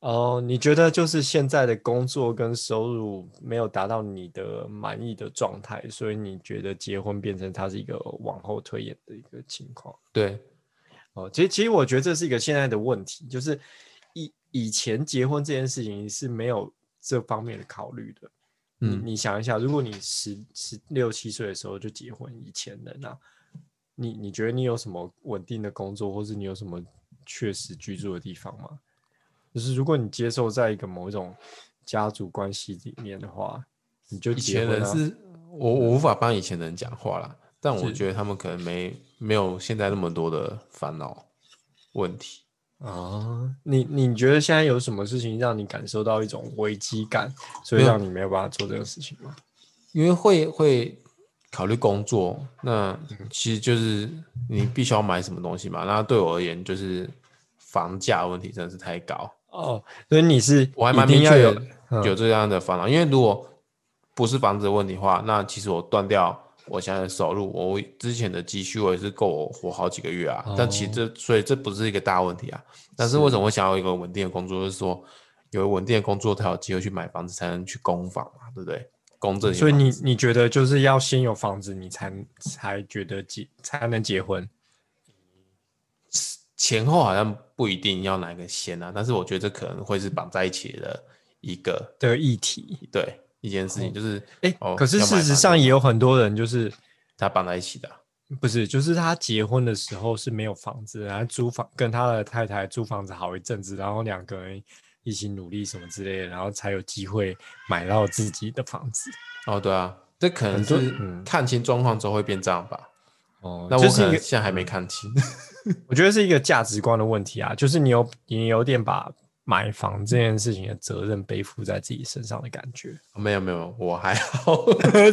B: 哦、
A: 呃，你覺得就是現在的工作跟收入沒有達到你的滿意的狀態，所以你覺得結婚變成它是一個往後推演的一個情況？對，哦、呃，其實其實我覺得這是一個現在的問題，就是以以前結婚這件事情是沒有這方面的考慮的。你你想一下，如果你十十六七歲的時候就結婚，以前的那、啊，你你覺得你有什麼穩定的工作，或是你有什麼確實居住的地方嗎？就是如果你接受在一個某一種家族關係裡面的話，你就結婚、啊。以前人是
B: 我我無法幫以前人講話啦，但我覺得他們可能沒沒有現在那麼多
A: 的煩惱問題。啊、哦，你你覺得現在有什麼事情讓你感受到一種危機感，所以讓你沒有辦法做這個事情嗎？嗯、
B: 因為會會考慮工作，那其實就是你必須要買什麼東西嘛。那對我而言，就是房價問題真的是太高。
A: 哦，所以你是我還蠻明確有，嗯、有
B: 這樣的煩惱，因為如果不是房子的問題的話，那其實我斷掉。我現在的收入，我之前的積蓄，我也是夠我活好幾個月啊。Oh. 但其實這，所以這不是一個大問題啊。但是為什麼我想要一個穩定的工作？就是說，
A: 有穩定的工作才有機會去買房子，才能去供房嘛，對不對？公證。所以你你覺得，就是要先有房子，你才才覺得結，才能結婚。前後好像不一定要哪個先啊，但是我覺得這可能會是綁在一起的一個的議題，對。一件事情就是，哎、欸哦，可是事實上也有很多人就是他綁在一起的，啊，不是？就是他結婚的時候是沒有房子，然後租房跟他的太太租房子好一陣子，然後兩個人一起努力什麼之類的，然後才有機會買到自己的房子。哦，對啊，這可能是看清狀況之後會變這樣吧。哦、嗯，那我是現在還沒看清，就是嗯。我覺得是一個價值觀的問題啊，就是你有你有點把買房這件事情的責任背負在自己身上的感覺，沒有沒有，我還好。 [laughs] 我會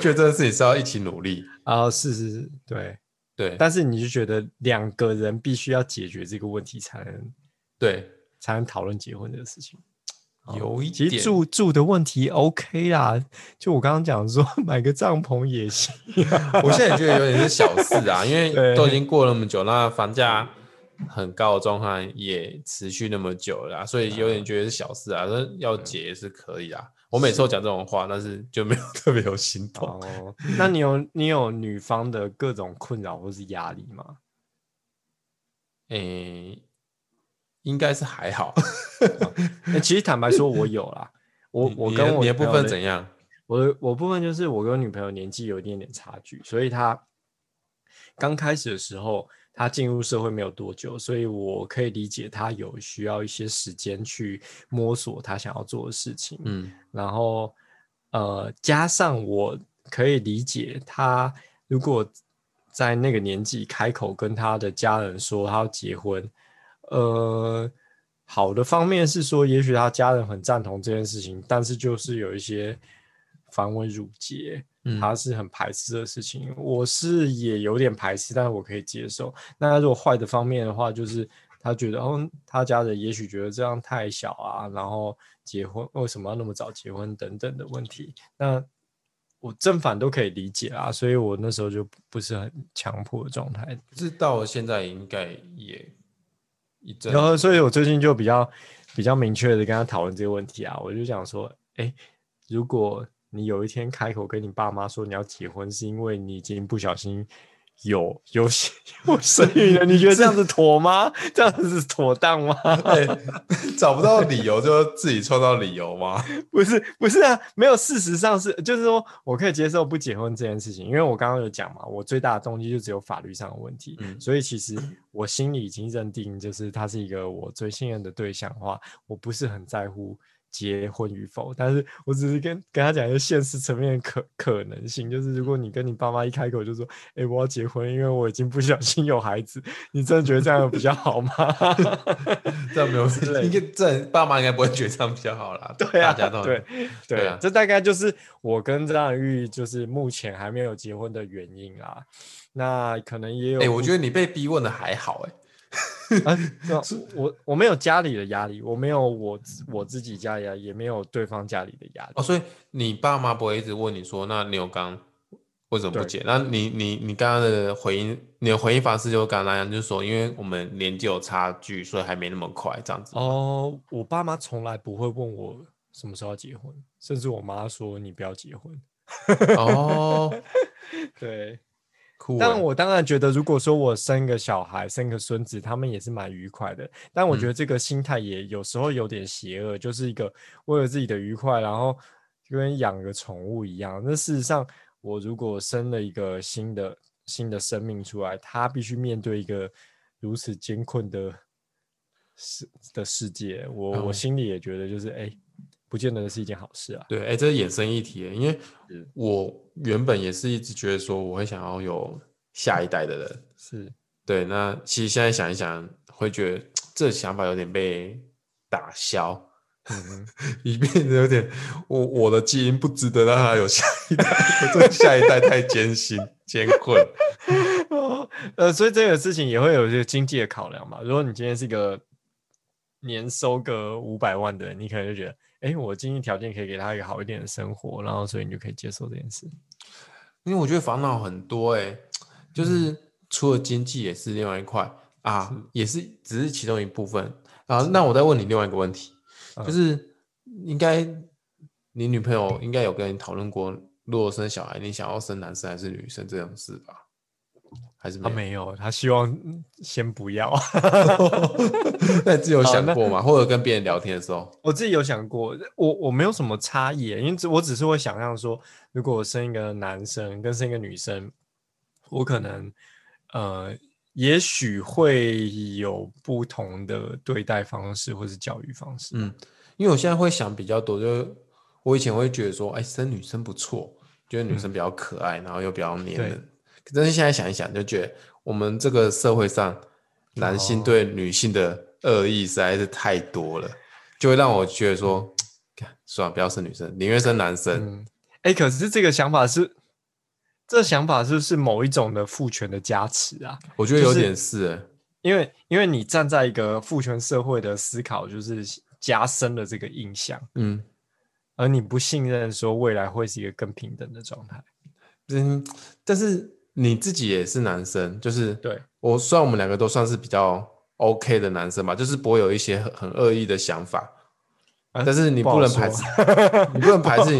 A: 覺得這件事情是要一起努力啊，呃、是，是是，對對。但是你就覺得兩個人必須要解決這個問題，才能對，才能討論結婚這個事情。哦、有一點，其實住住的問題 OK 啦。就我剛剛講說，買個帳篷也行。 [laughs] [laughs] 我現在覺得有點是小事啊， [laughs] 因為都已經
B: 過了那麼久，那房價。很高的狀況也持續那麼久了，所以有點覺得是小事啊。那要解也是可以啊、嗯。我每次講這種話，但是就沒有特
A: 別有心痛、哦。那你有你有女方的各種困擾或是壓力嗎？誒、嗯，應該是還好、嗯。其實坦白說，我有啦。 [laughs] 我我跟我朋友你的，你的部分怎樣？我我部分就是我跟女朋友年紀有一點點差距，所以她剛開始的時候。他進入社會沒有多久，所以我可以理解他有需要一些時間去摸索他想要做的事情。嗯，然後呃，加上我可以理解他如果在那個年紀開口跟他的家人說他要結婚，呃，好的方面是說也許他家人很贊同這件事情，但是就是有一些繁文縟節。他是很排斥的事情，我是也有點排斥，但是我可以接受。那如果壞的方面的話，就是他覺得，哦，他家人也許覺得這樣太小啊，然後結婚為什麼要那麼早結婚等等的問題。那我正反都可以理解啊，所以我那時候就不是很強迫的狀態。是
B: 到現在應該也一陣子，然後所
A: 以我最近就比較比較明確的跟他討論這個問題啊，我就想說，哎、欸，如果。你有一天開口跟你爸媽說你要結婚，是因為你已經不小心有有有生育了？你覺得這樣子妥嗎？是是這樣子是妥當嗎？欸、找不到理由就自己創造理由嗎？ [laughs] 不是不是啊，沒有。事實上是，就是說我可以接受不結婚這件事情，因為我剛剛有講嘛，我最大的動機就只有法律上的問題。嗯、所以其實我心裡已經認定，就是他是一個我最信任的對象的話，我不是很在乎。結婚與否，但是我只是跟跟他講一個現實層面的可可能性，就是如果你跟你爸媽一開口就說，哎、欸，我要結婚，因為我已經不小心有孩子，你真的覺得這樣比較好嗎？ [laughs] [laughs] 這樣沒有，事。該這
B: 爸媽應該不會覺得這樣比較好啦。 [laughs] 對啊，對對，對
A: 啊，這大概就是我跟張宇就是目前還沒有結婚的原因啊。那可能也有，哎、欸，我覺得你被逼問的還好、欸， [laughs] 啊、我我沒有家裡的壓力，我沒有我我自己家裡壓力、啊，也沒有對方家裡的壓力。
B: 哦，所以你爸媽不會一直問你說，那你有剛為什麼不結？那你你你剛剛的回應，你的回應方式就剛剛那樣，就是說，因為我們年紀有差距，所以還沒那麼快這樣子。
A: 哦，我爸媽從來不會問我什麼時候結婚，甚至我媽說你不要結婚。 [laughs] 哦， [laughs] 對。但我當然覺得，如果說我生一個小孩、生一個孫子，他們也是蠻愉快的。但我覺得這個心態也有時候有點邪惡、嗯，就是一個為了自己的愉快，然後跟養個寵物一樣。那事實上，我如果生了一個新的新的生命出來，他必須面對一個如此艱困的世的世界。我、嗯、我心裡也覺得，就是哎。欸不見得是一件好事啊。對，哎、欸，這是衍
B: 生議題，因為我原本也是一直覺得說，我會想要有下一代的人，是對。那其實現在想一想，會覺得這想法有點被打消，也、嗯、 [laughs] 變得有點，我我的基因不值得讓他有下
A: 一代， [laughs] 下一代太艱辛、艱 [laughs] 艱困。 [laughs] 呃，所以這個事情也會有些經濟的考量吧。如果你今天是一個年收個五百萬的人，你可能就覺得。誒、欸，我經濟條件可以給他一個好一點的生活，然後所以你就可以接受這件事。因為我覺得煩惱很多、欸，誒、嗯，就是除了經濟
B: 也是另外一塊、嗯、啊，也是只是其中一部分啊。那我再問你另外一個問題，
A: 是就是
B: 應該你女朋友應該有跟你討論過、嗯，如果生小孩，你想要生男生還是女生這種事吧？沒他沒有，他希望先不要。 [laughs] [laughs] 但你自己有想過嗎？或者跟別人聊天的時候，
A: 我自己有想過。我我沒有什麼差異，因為只我只是會想象說，如果我生一個男生跟生一個女生，我可能呃，也許會有不同的對待方式或是教育方式。嗯，因為我現在會想比較多，就我以前會覺得說，哎、欸，生女生不錯，
B: 覺得女生比較可愛、嗯，然後又比較黏人。但是現在想一想，就覺得我們這個社會上男性對女性的惡意實在是太多了，就會讓我覺得說，oh. 算了，不要生女生，寧願生男生。
A: 哎、嗯欸，可是這個想法是，這個、想法是不是某一種的父權的加持啊？我覺得有點是、欸，就是、因為因為你站在一個父權社會的思考，就是加深了這個印象。嗯，而你不信任說未來會是一個更平等的狀態。
B: 嗯，但
A: 是。你自己也是男生，就是對，
B: 我算我們兩個都算是比較 OK 的男生吧，就是不會有一些很很惡意的想法、嗯，但是你不能排斥，不 [laughs] 你不能排斥，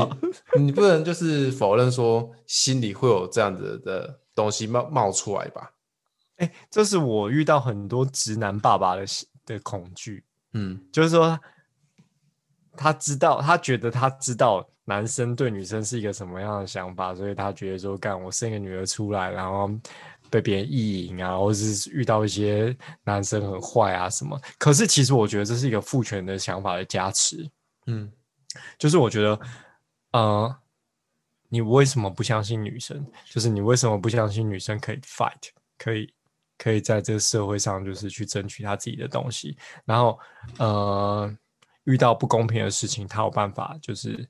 B: 你你不能就是否
A: 認說心裡會有這樣子的東西冒冒出來吧？哎、欸，這是我遇到很多直男爸爸的的恐懼，嗯，就是說他知道，他覺得他知道。男生對女生是一個什麼樣的想法？所以他覺得說，幹我生個女兒出來，然後被別人意淫啊，或者是遇到一些男生很壞啊什麼。可是其實我覺得這是一個父權的想法的加持。
B: 嗯，
A: 就是我覺得，呃，你為什麼不相信女生？就是你為什麼不相信女生可以 fight，可以可以在這個社會上，就是去爭取她自己的東西？然後，呃，遇到不公平的事情，她有辦法，就是。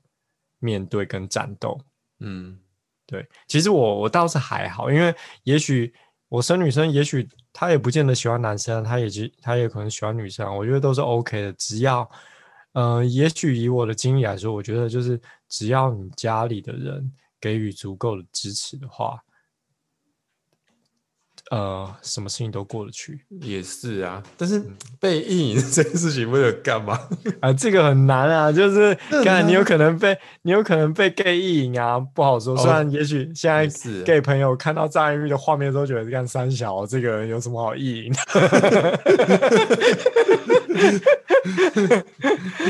A: 面對跟戰鬥，嗯，對，其實我我倒是還好，因為也許我生女生，也許她也不見得喜歡男生，她也她也可能喜歡女生，我覺得都是 OK 的，只要，呃，也許以我的經歷來說，我覺得就是只要你家裡的人給予足夠的支持的話。呃，什麼事情都過得去，也是啊。但是被意淫這件事情不會有幹嘛啊？這個很難啊，就是，看你有可能被你有可能被 gay 意淫啊，不好說。哦、雖然也許現在 gay、啊、朋友看到張玉的畫面之後，覺得是幹三小這個人有什麼好意淫。 [laughs] [laughs]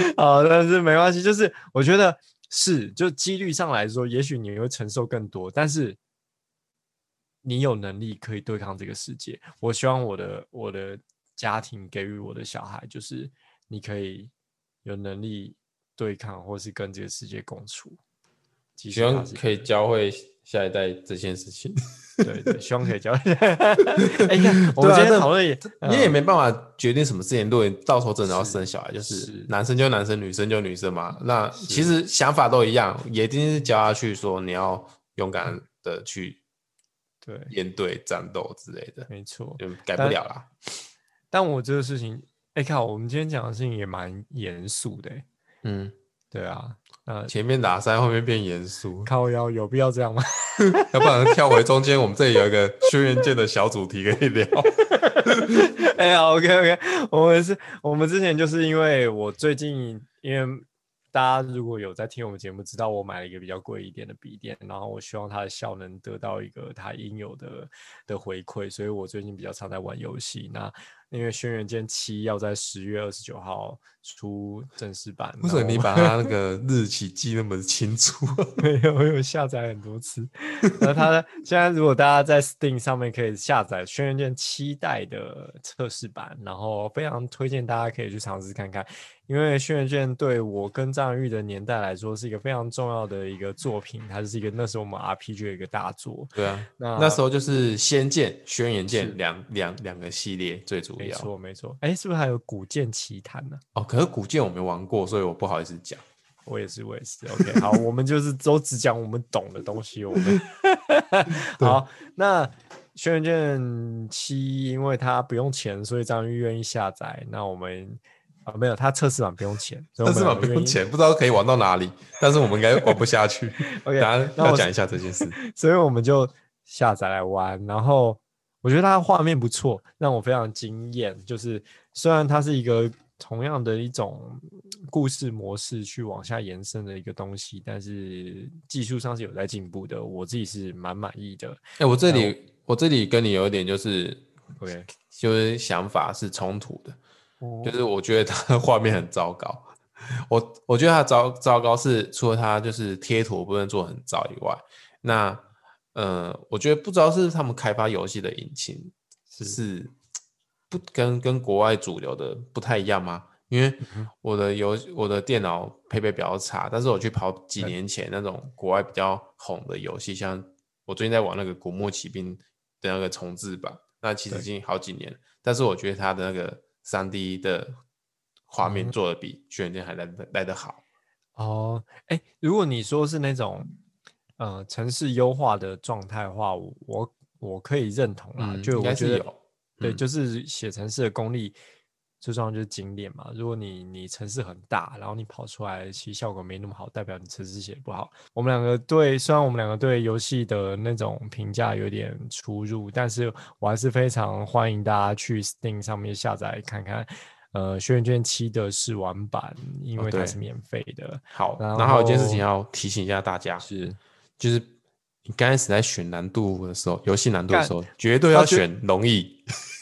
A: [laughs] 好，但是沒關係，就是我覺得是，就幾率上來說，也許你會承受更多，但是。你有能力可以對抗這個世界。我希望我的我的家庭給予我的小孩，就是你可以有能力對抗，或是跟這個世界共處。希望可以
B: 教會下一代這件事情。 [laughs] 對，對，希望可以教會。哎呀，看 [laughs] 我覺得討論也，啊嗯、你也沒辦法決定什麼事情。如果到時候真的要生小孩，就是，是，是男生就男生，女生就女生嘛。那其實想法都一樣，也一定是教他去，說你要勇敢的去。對，面對戰鬥之類的，沒錯，就改不了啦
A: 但。但我這個事情，哎、欸，靠我們今天講的事情也蠻嚴肅的、欸，嗯，對啊，
B: 呃，前面打三後面變嚴肅，
A: 靠腰，有必要這樣嗎？ [laughs] 要不然跳回
B: 中間， [laughs] 我們這裡有一個軒轅劍的小主題可以聊 [laughs]
A: [laughs] 欸。哎呀，OK OK，我們是，我們之前就是因為我最近因為。大家如果有在聽我們節目，知道我買了一個比較貴一點的筆電，然後我希望它的效能得到一個它應有的的回饋，所以我最近比較常在玩遊戲。那。因為《軒轅劍七》要在十月二十九號出正式版。為什麼你把它那個日期記那麼清楚？ [laughs] [laughs] 沒有，我有下載很多次。 [laughs] 那它現在如果大家在 Steam 上面可以下載《軒轅劍七代》的測試版，然後非常推薦大家可以去嘗試看看。因為《軒轅劍》對我跟張玉的年代來說，是一個非常重要的一個作品，它是一個那時候我們 RPG 的一個大作。對啊，那那時候就是仙《仙劍》《軒轅劍》兩兩兩個系列最主。沒錯，沒錯。哎，是不是還有《古劍奇譚》呢？哦，
B: 可是《古劍》我沒
A: 玩過，所以我不好意思講。我也是，我也是。 [laughs] OK，好，我們就是都只講我們懂的東西。我們 [laughs] [laughs] 好，那《軒轅劍七》因為它不用錢，所以章魚願意下載。那我們啊、哦，沒有，它測試版不用錢，測試版不用錢，不
B: 知道可以玩到哪裡， [laughs] 但是我們應該玩不下去。 [laughs] OK，要講一下
A: 這件事，所以我們就下載來玩，然後。我覺得它的畫面不錯，讓我非常驚艷。就是雖然它是一個同樣的一種故事模式去往下延伸的一個東西，但是技術上是有在進步的，我自己是蠻滿意的。哎、欸，我這裡我，
B: 我這裡跟你有一點就是，OK，就是想法是衝突的
A: ，oh. 就
B: 是我覺得它的畫面很糟糕。 [laughs] 我我覺得它糟糟糕是除了它就是貼圖不能做很糟以外，那。呃，我覺得不知道是他們開发遊戲的引擎是,是不跟跟國外主流的不太一樣嗎？因為我的游、嗯、我的電腦配備比較差，但是我去跑幾年前那種國外比較紅的遊戲，像我最近在玩那個《古墓奇兵》的那個重置版，那其實已經好幾年了，但是我覺得它的那個三 D 的畫面、嗯、做的比軒轅
A: 劍還來得來得好。哦，哎、欸，如果你說是那種。呃，程式優化的狀態話，我我可以認同、嗯、就應該是我覺得有、嗯、對，就是寫程式的功力，最重要就算是景點嘛。如果你你程式很大，然後你跑出來，其實效果沒那麼好，代表你程式寫不好。我們兩個對，雖然我們兩個對遊戲的那種評價有點出入、嗯，但是我還是非常歡迎大家去 Steam 上面下載看看。呃，軒轅劍七的試玩版，因為它是免費的、哦。好，然後還有一件事情
B: 要提醒一下大家是。就是你剛開始在選難度的時候，遊戲難度的時候，絕對要選容易，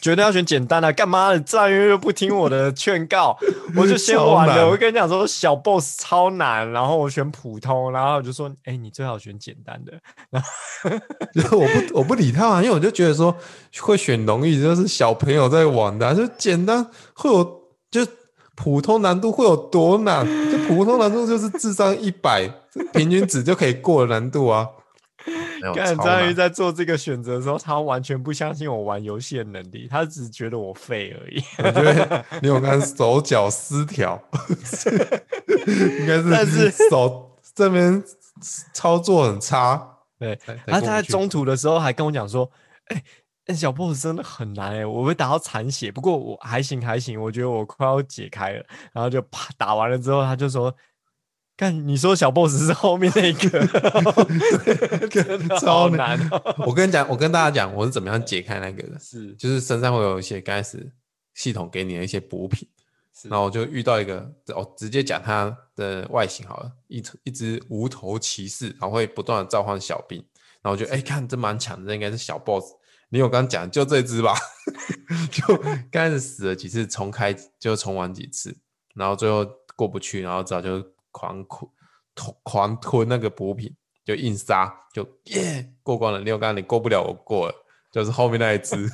A: 絕對要選簡單的。幹 [laughs] 嘛？你自然又不聽我的勸告， [laughs] 我就先玩了。我跟你講說，小 boss 超難，然後我選普通，然後我就說，哎、欸，你最好選簡單的。
B: 然後 [laughs] [laughs] 我不我不理他啊，因為我就覺得說會選容易，就是小朋友在玩的、啊，就簡單會有就。普通難度會有多難？就普通難度就是智商一百，平均值就可以過的難度啊。剛
A: 才章魚在做這個選擇的時候，他完全不相信我玩遊戲的能力，他只覺得我廢而已。對， [laughs] 你有看手腳失調，應 [laughs] 該 [laughs] 但是， [laughs] 該是手這邊 [laughs] 操作很差。對，然後、啊、他在中途的時候還跟我講說，欸欸、小 boss 真的很難哎、欸，我會打到殘血，不過我還行還行，我覺得我快要解開了。然後就啪打完了之後，他就說：“看，你說小 boss 是後面那個，
B: [laughs] [laughs] 難喔、超難、喔。”我跟你講，我跟大家講，我是怎麼樣解開那個的？是，就是身上會有一些剛開始系統給你的一些補品是，然後我就遇到一個，我直接講它的外形好了，一一隻無頭騎士，然後會不斷的召喚小兵，然後就哎看這蠻強的，這應該是小 boss。你有剛講就這只吧， [laughs] 就剛開始死了幾次，重開就重玩幾次，然後最後過不去，然後早就狂狂吞那個補品，就硬殺，就耶過關了。你我剛剛你過不了，我過了，就是後面那一只。
A: [laughs]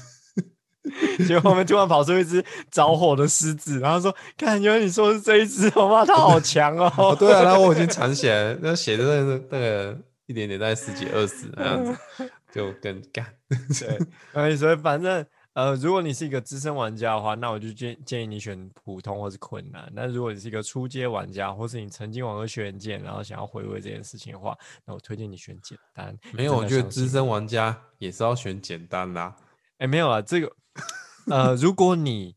A: 結果我們突然跑出一只着火的獅子，然後說：“感覺你說的是這一只，哇、喔，它 [laughs] 好強哦！”對啊，然後我已經殘
B: 血了 [laughs] 那血真的是那個一點點，大概十幾二十這樣子。 [laughs] 就跟
A: 干、 [laughs] 嗯、所以反正呃，如果你是一個資深玩家的話，那我就建建議你選普通或是困難。那如果你是一個初階玩家，或是你曾經玩過軒轅劍，然後想要回味這件事情的話，那我推薦你選簡單。沒有，我覺得資深玩家也是要選簡單的、啊。誒、欸，沒有啊，這個呃， [laughs] 如果你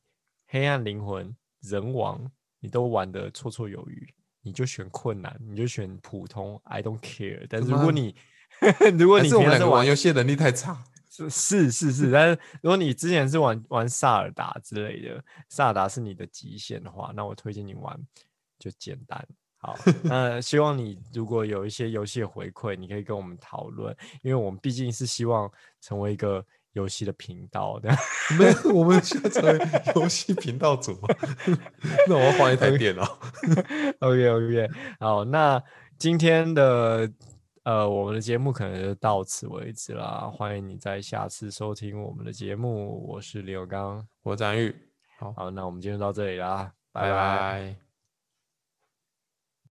A: 黑暗靈魂、仁王，你都玩得綽綽有餘，你就選困難，你就選普通。I don't care，但是如果你 [laughs] 如果你平時是玩，是我們兩個玩遊戲能力太差，是是是，是，是，但是如果你之前是玩玩薩爾達之類的，薩爾達是你的極限的話，那我推薦你玩就簡單。好，那希望你如果有一些遊戲的回饋，你可以跟我們討論，因為我們畢竟是希望成為一個遊戲的頻道的。沒有，我們需要成為遊戲頻道組。
B: [laughs] [laughs] 那我要換一台電
A: 腦。OK OK，好，那今天的。呃，我們的節目可能就到此為止啦，歡迎你在下次收聽我們的節目，我是林友剛，我是詹宇，好，那我們今天就到這裡啦，拜拜。拜拜。